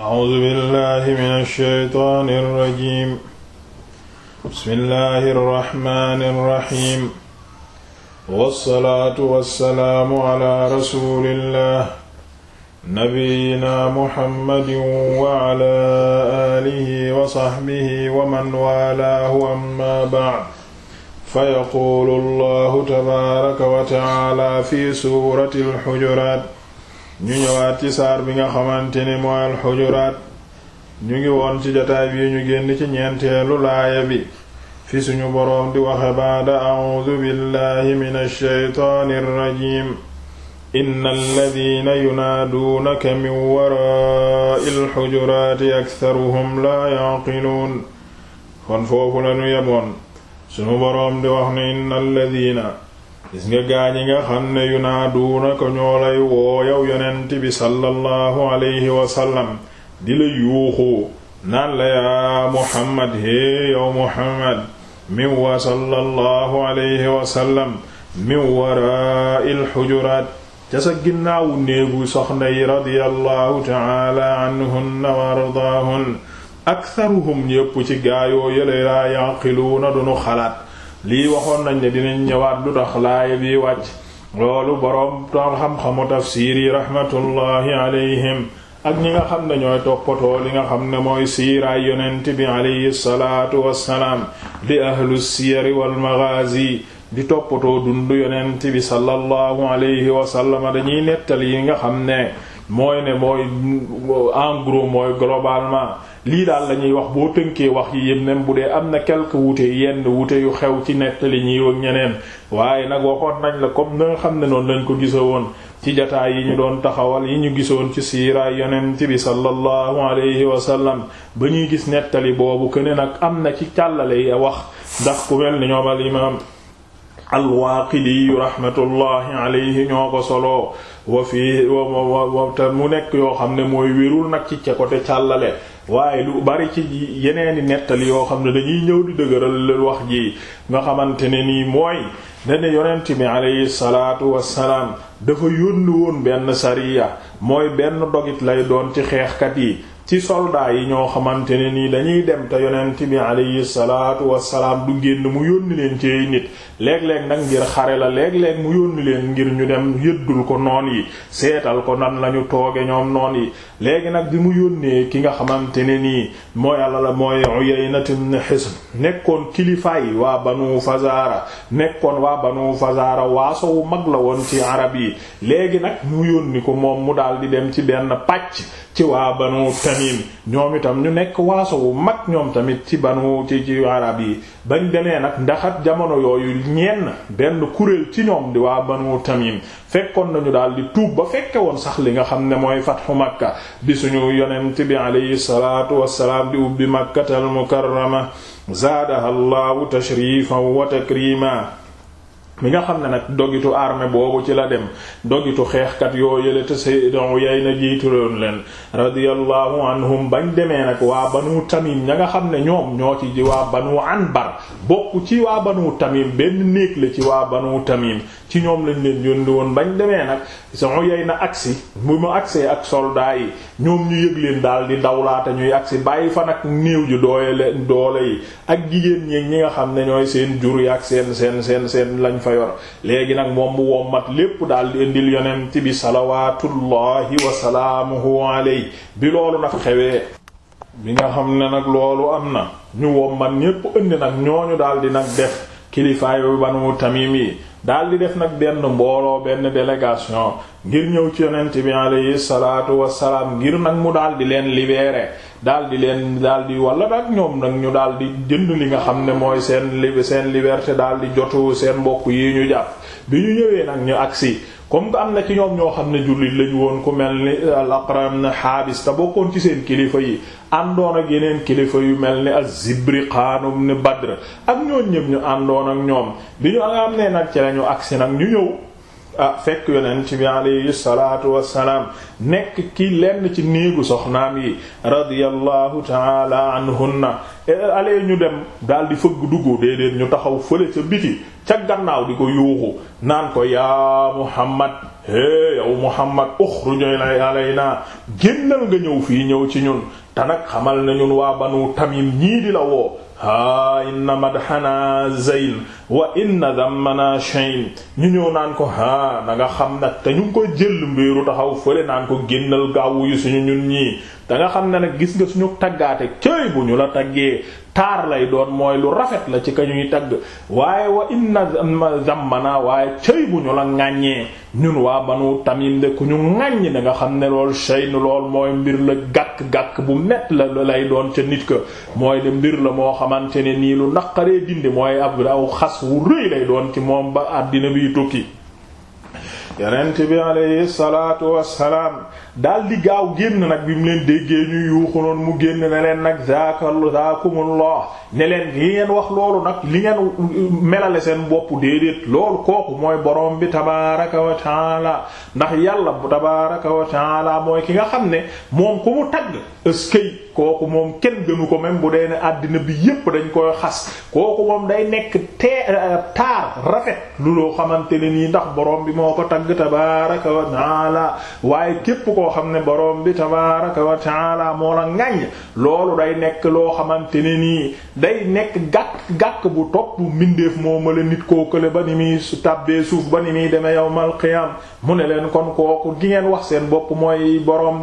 A'uuzu billaahi mina shaytaani rajiim. Bismillaahi rahmaani rahiim. Wassalaatu wassalaamu alaa rasuulillaah. Nabiyyinaa Muhammadin wa alaa aalihi wa sahbihi wa man waalaahu ammaa ba'd. Fayaquulu Allaahu tabaaraka wa ta'aalaa fi suuratil Hujuraat. ñu ñëwaat ci saar bi nga xamante ni mooy alxujuraat ñu ngi woon ci jataay bi ñu génn ci ñeenteelu laaya bi fi suñu boroom di waxe baada audu billahi min alsheytaani irrajim inna alladina yunaaduunaka min waraai alxujuraati aktaruhum laa yaqiluun kon foofu lañu yemoon suñu boroom di wax ne inna alladina gis nga gaa ñi nga xam ne yunaaduuna ko ñoo lay woo yow yonent bi sallallahu alayhi wasallam di la yuuxu yaa muhammad hee muhammad min wa sallallahu alayhi wasallam min waraa'il xujuraat ca sa ginnaawu wa ardaahun aktharuhum yépp ci gaayoo laa yaqiluuna duñu xalaat lii waxoon nañ ne dinañ ñëwaat lu tax laaya bi wàcc loolu boroom ton xam-xamu tafsiir yi rahmatullahi alayhim ak ñi nga xam ne ñooy toppatoo li nga xam ne mooy siiraay yonent bi alayhi salaatu wassalaam di ahlu siyari wal maghazi di toppatoo dundu yonent bi sallallahu alayhi wa sallam dañuy nettali yi nga xam ne mooy ne mooy en gros mooy globalement lii daal la ñuy wax boo tënkee wax yi yëpp même bu dee am na quelque wuute yenn wute yu xew ci nettali ñi ak ñeneen waaye nag waxoon nañ la comme na xam ne noonu lañ ko gisa woon ci jataay yi ñu doon taxawal yi ñu gisoon ci siiraay yonent bi sallallahu alayhi wa sallam ba ñuy gis nettali boobu que nag am na ci càllale yi wax ndax ku mel ni ñoom imaam alwaaqidi rahmatullahi alayhi ñoo ko solo wa fii te mu nekk yoo xam ne mooy wérul nag ci ca côté càllale waaye lu bari ci yeneeni nettali yoo xam ne dañuy ñëw di dëgëral wax ji nga xamante ne nii mooy dane yonent bi alayhi salaatu wassalaam dafa yónni woon benn sariya mooy benn dogit lay doon ci xeexkat yi ci soldat yi ñoo xamante ne nii dañuy dem te yonent bi alayhi salaatu wassalaam du génn mu yónni leen ci nit léeg-léeg nag ngir xare la léeg-léeg mu yónni leen ngir ñu dem yëddul ko noon yi seetal ko nan lañu tooge ñoom noon yi léegi nag bi mu yónnee ki nga xamante ne nii mooy àlla la mooy Uyayna ibn Hisn nekkoon kilifaay waa banu Fazaara nekkoon waa banu Fazaara waaso wu mag la woon ci arab yi léegi nag mu yónni ko moom mu daal di dem ci benn pàcc ci waa banu Tamim ñoom itam ñu nekk waaso wu mag ñoom tamit ci banu ci ci arab yi bañ demee nag ndaxat jamono yooyu ñenn benn kuréel ci ñoom di waa banu Tamim fekkoon nañu daal di tuub ba fekke woon sax li nga xam ne mooy fatxu makka bi suñu yonent bi alayhi salaatu wassalaam di ubbi makkatal mukarrama zaadaha allahu tashrifan wa takrima mi nga xam ne nag dogitu armée boobu ci la dem dogitu xeexkat yoo yële te Seydou Uyayna jiituloon leen radiyallahu anhum bañ demee nag waa banu tamim ña nga xam ne ñoom ñoo ci di waa banu anbar bokk ci waa banu tamim benn néeg la ci waa banu tamim ci ñoom lañ leen yónni woon bañ demee nag Seydou Uyayna agsi bu mu agsee ak soldat yi ñoom daal di dawlaata ñuy agsi bàyyi fa nag néew ju dooye doole yi ak jigéen ñi ñi nga xam ne ñooy seen jur yi seen seen seen seen lañ fa léegi nag moom mu wommat lépp daal di indil yonent bi salawaatullahi wasalaamuhu alayhi bi loolu nag xewee bi nga xam ne nag loolu am na ñu wommat ñépp indi nag ñooñu daal di nag def kilifaayu banu tamim yi daal di def nag benn mbooloo benn délégation ngir ñëw ci yonent bi alayhi salaatu wassalaam ngir nag mu daal di leen libérer daal di leen daldi di wala nag ñoom nag ñu daal di jënd li nga xam ne mooy seen seen liberté daal di jotu seen mbokk yi ñu jàpp bi ñu ñëwee nag ñu agsi comme que am na ci ñoom ñoo xam ne jullit lañu woon ku mel ni euh, al-Aqram na xaabis te bokkoon ci seen kilifa yi àndoon ak yeneen kilifa yu mel ni az-Zibriqaan ibn Badr ak ñooñ ñëpp ñu àndoon ak ñoom bi ñu am ne nag ci lañu agsi nag ñu ñëw ah fekk yonent bi alayhi salaatu wassalaam nekk ki lenn ci néegu soxnaam yi radiyallahu taala anhunna eh, alee ñu dem daal di fëgg duggu déedéet ñu taxaw fële ca biti ca gannaaw di ko yuuxu naan ko yaa muhammad hee yow muhammad uxruj alaynaa génnal nga ñëw fii ñëw ci ñun te nag xamal na ñun waa banu tamim ñii di la woo haa inna madhana zayn wa inna dammana shayn ñu ñëw naan ko haa na nga xam nag te ñu ngi koy jël mbiiru taxaw fële naan ko génnal gaawu yu suñu ñun ñii da nga xam ne nag gis nga suñu taggaate cëy bu ñu la taggee taar lay doon mooy lu rafet la ci ka ñuy tagg waaye wa inna zammana waaye cëy bu ñu la ŋàññee ñun waa banu tamim de ku ñu ŋàññ da nga xam ne lool shaynu lool mooy mbir la gàkk-gàkk bu mett la lay doon ca nit ka mooy de mbir la moo xamante ne nii lu naqaree dindi mooy ab aw xas wu rëy lay doon ci moom ba àddina biy tukki yonent bi alayhi salaatu wassalaam daal di gaaw génn nag bi mu leen déggee ñu yuuxu noonu mu génn ne nag zaakalu zaakumullah ne leen li ngeen wax loolu nag li ngeen melale seen bopp déedéet loolu kooku mooy borom bi tabaaraka wa taala ndax yàlla bu tabaaraka wa taala mooy ki nga xam ne moom ku mu tagg ëskey kooku moom kenn gënu ko même bu dee ne àddina bi yépp dañ koy xas kooku moom day nekk tee euh, taar rafet lu loo xamante ne nii ndax boroom bi moo ko tagg tabaraka wa taala waaye képp koo xam ne borom bi tabaraka wa taala moo la ŋàññ loolu day nekk loo xamante ne nii day nekk gàkk bu topp mbindeef moo mala nit koo ba ni muy tàbbee suuf ba ni muy demee yawmal qiyaam mu ne leen kon kooku ngeen wax seen bopp mooy borom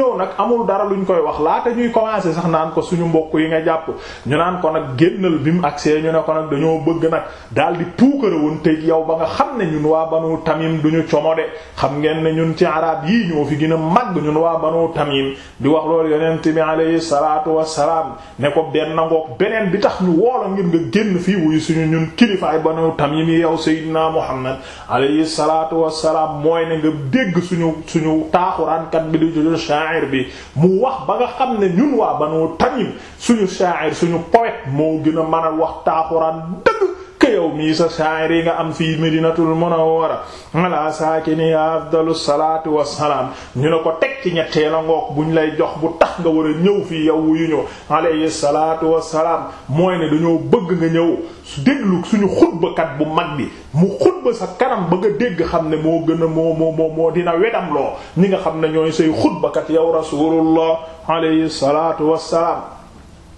ñëw nag amul dara luñ koy wax laata ñuy commencer sax naan ko suñu mbokk yi nga jàpp ñu naan ko nag génnal bi mu agsee ñu ne ko nag dañoo bëgg nag daal di puukare woon teg yow ba nga xam ne ñun waa banu tamim duñu comode xam ngeen ne ñun ci arab yi ñoo fi gën a màgg ñun waa banu tamim di wax loolu yonent bi alayhi salaatu salaam ne ko benn ngoog beneen bi tax ñu woola ngir nga génn fii wuyu suñu ñun kilifaay banu tamim yi yow Seydina Muhammad alayhi salaatu wassalaam mooy ne dégg suñu suñu taaxuraankat bi di sha'ir bi mu wax ba nga xam ne ñun waa Banu Tamim suñu sha'ir suñu poète moo gën a mën a wax taaxuraan dëgg ke yow mii sa saayir yi nga am fii Madinatul Munawwara ala saakiniha afdalu salaatu wassalaam ñu ne ko teg ci ñettee la bu ñu lay jox bu tax nga war a ñëw fii yow wuyu ñu alayhi salaatu wassalaam mooy ne dañoo bëgg nga ñëw déglu suñu xutbakat bu mag bi mu xutba sa kanam ba nga dégg xam ne moo gën a moo moo moo moo dina wedam loo ñi nga xam ne ñooy say xutbakat yow rasulullah alayhi salaatu wa wassalaam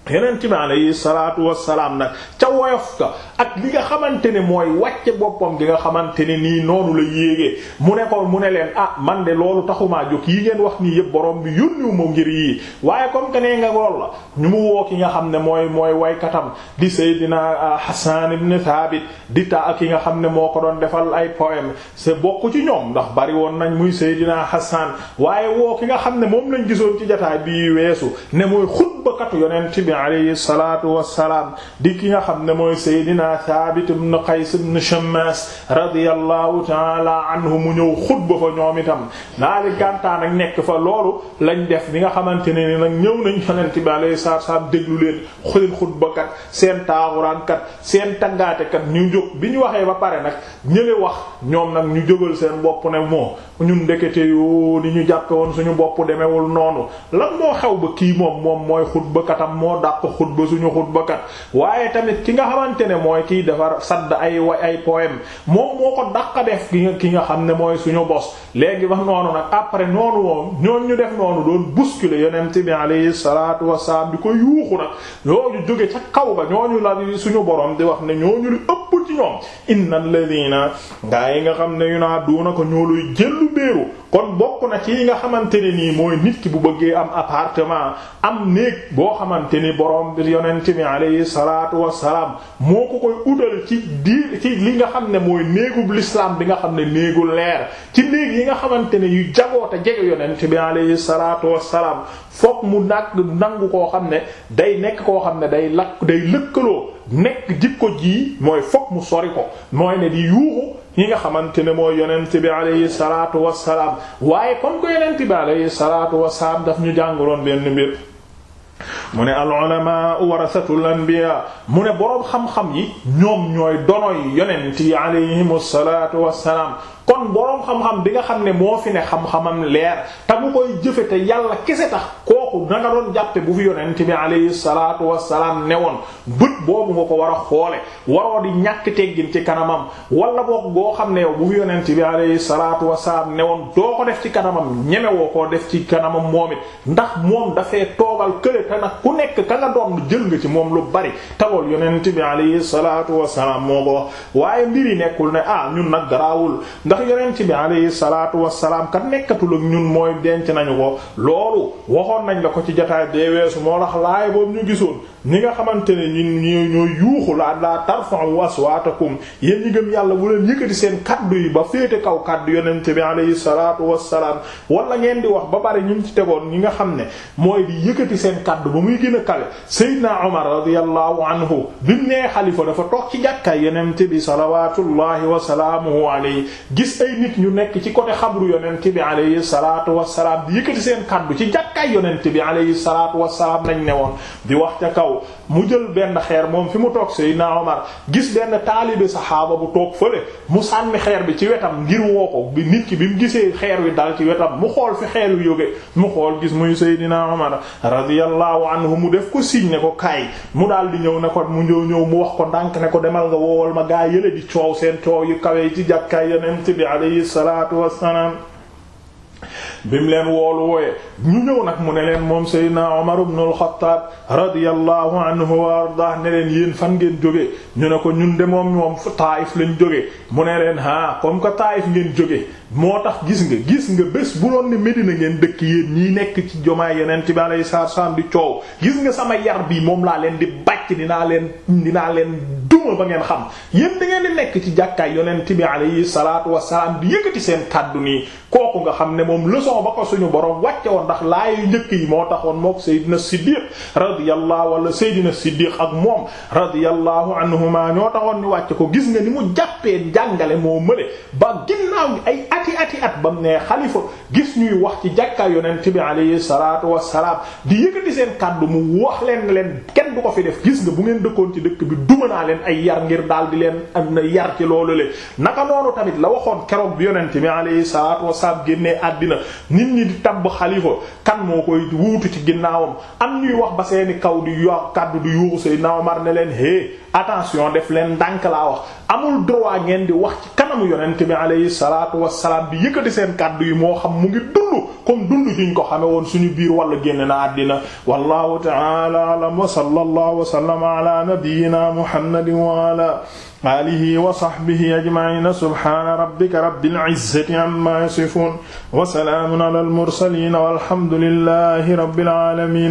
yonent bi alayhi salaatu wassalaam nag ca woyof ka ak li nga xamante ne mooy wàcce boppam di nga xamante ni nii noonu la yéege mu ne ko mu ne leen ah man de loolu taxumaa jóg yi ngeen wax nii yëpp borom bi yónniwu ma ngir yii waaye kon que nee nga lool la ñu mu woo ki nga xam ne mooy mooy waykatam di Seydina ah, Hassan ibn Thabit di ta ak ki nga xam ne moo ko doon defal ay poème c'est bokk ci ñoom ndax bari woon nañ muy Seydina Hassan waaye woo ki nga xam ne moom lañ gisoon ci jotaay bii weesu ne mooy alayhi salaatu wassalaam di ki nga xam ne mooy Seydina Saabit ibn Qays ibn Shammas radiyallahu ta'ala anhu mu ñëw xutba fa ñoom itam daal di gàntaan ak nekk fa loolu lañ def bi nga xamante ne ni nag ñëw nañ yonent bi alayhi salaatu wassalaam déglu leen seen xutbakat seen taawuraankat seen tàggaatekat ñu jóg bi ñu waxee ba pare nag ñële wax ñoom nag ñu jógal seen bopp ne moo ñun ndekete yoo ni ñu jàppe woon suñu bopp demewul noonu lan moo xew ba kii moom moom mooy xutbakatam moo dàq xutba suñu xutbakat waaye tamit ki nga xamante ne mooy kiy defar sadd ay way ay poème moom moo ko dàq def ki nga xam ne mooy suñu bos léegi wax noonu nag après noonu moom ñoon ñu def noonu doon bousculer yonent bi alayhi salaatu wasalaam di ko yuuxu nag ñooñu jóge ca kaw ba ñooñu la suñu borom di wax ne ñooñu li ëpp ci ñoom innal ladina gaa yi nga xam ne yu naa duuna ko ñoo luy jëllu béeru kon bokk na ci yi nga xamante ni nii mooy nit ki bu bëggee am appartement am néeg boo xamante ni borom bi yonent bi alayhi salaatu wassalaam moo ko koy utal ci diir ci li nga xam ne mooy néegub l'islam bi nga xam ne néegu leer ci néeg yi nga xamante ne yu jagoo te jege yonent bi alayhi salaatu wassalaam fokk mu nag nangu koo xam ne day nekk koo xam ne day lakk day lëkkaloo nekk jikko ji mooy fokk mu sori ko mooy ne di yuuxu yi nga xamante ne mooy yonent bi alayhi salaatu wassalaam waaye comme que yonent bi alayhi salaatu wassalaam daf ñu jàngaloon benn mbir mu ne al ulama warasatul anbiya mu ne boroom xam-xam yi ñoom ñooy donoy yonent yi alayhimu salaatu wassalaam kon boroom xam-xam bi nga xam ne moo fi ne xam-xamam leer te mu koy jëfe te yàlla kese tax kooku na nga doon jàppe bu fi yonent bi alayhi salaatu ne newoon bët boobu nga ko war a xoole waroo di ñàkk teggin ci kanamam wala boog boo xam ne yow bu fi yonent bi alayhi salaatu wassalaam newoon doo ko def ci kanamam ñeme koo def ci kanamam moom ndax moom dafee toogal kële ku nekk ka nga ci moom lu bari tawool yonent bi alayhi salaatu wassalaam moo ko wax waaye mbiri nekkul ne ah ñun nag garaawul ndax yonent bi alayhi salaatu wassalaam ka nekkatul ak ñun mooy denc nañu ko loolu waxoon nañ la ko ci jataay dee weesu moo tax laay boobu ñu gisoon ñi nga xamante ne ñun ñoo yuuxu laa laa tarfa'u aswaatakum yéen ñi gëm yàlla bu leen yëkkati seen kaddu yi ba féete kaw kaddu yonent bi alayhi salaatu wassalaam wala ngeen di ba bari ñu ci tegoon ñi nga xam ne mooy di yëkkati seen kaddu ba muy gën a kale Seydina Omar radiyallahu anhu bi mu nee dafa toog ci jàkkaay yonent bi salawaatullahi wa salaamuhu alayhi gis ay nit ñu nekk ci côté xabru yonent bi alayhi salaatu wassalaam di yëkkati seen kaddu ci jàkkaay yonent bi alayhi salaatu wassalaam nañ ne woon di wax ca kaw mu jël benn xeer moom fi mu toog Seydina Omar gis benn taalibe saxaaba bu toog fële mu sànni xeer bi ci wetam ngir woo ko bi nit ki bi mu gisee xeer wi dal ci wetam mu xool fi xeer wi yóge mu xool gis muy Seydina Omar radiyallahu anhu mu def ko signe ne ko kaay mu daal di ñëw ne ko mu ñëw ñëw mu wax ko ndànk ne ko demal nga woowal ma gaa yële di coow seen coow yi kawe ci jàkkaay yonent bi alayhi salaatu wassalaam bi mu leen woolu wooyee ñu ñëw nag mu ne leen moom Seydina Omar ibn al-Khattab radiyallahu anhu wa ardah ne leen yéen fan ngeen jóge ñu ne ko ñun de moom moom Taayif leen jóge mu ne leen ah comme que Taayif ngeen jóge moo tax gis nga gis nga bés bu doon ne Medina ngeen dëkk yéen ñii nekk ci jomaay yeneen ci bala sar san di coow gis nga sama yar bi moom laa leen di bàcc dinaa leen dinaa leen duma ba ngeen xam yéen da di nekk ci jàkkaay yonent bi alayhi salaatu wasalaam di yëkkati seen kàddu nii kooku nga xam ne moom leçon ba ko suñu boroom wàcce woon ndax laayu njëkk yi moo taxoon mook Seydina Siddiq radiyallahu wala Seydina Siddiq ak moom radiyallahu anhuma ñoo taxoon ni wàcce ko gis nga ni mu jàppee jàngale moo mële ba ati ati at ba mu nee xalifa gis ñuy wax ci jàkka yonent bi alayhi salaatu wassalaam di yëkkati seen kàddu mu wax leen leen kenn du ko fi def gis nga bu ngeen dëkkoon ci dëkk bi duma naa leen ay yar ngir daal di leen am na yar ci loolu le naka noonu tamit la waxoon keroog bi yonent bi alayhi salaatu wassalaam génnee àddina nit ñi di tabb xalifa kan moo koy wuutu ci ginnaawam am ñuy wax ba seeni kaw di yo kàddu di yuuxu Seydina Omar ne leen hé attention def leen ndànk laa wax amul droit ngeen di wax ci kanamu yonent bi alayhi salaatu wassalaam bi yëkkati seen kaddu yi moo xam mu ngi dund comme dund yuñ ko xame woon suñu biir wala génn na àddina wallahu ta'ala a'lam wa sallallahu wa sallama ala nabiyyina muhammadin wa ala alihi wa sahbihi ajma'ina subhana rabbika rabbil izzati amma yasifun wa salaamun ala al mursalin walhamdulillahi rabbil alamin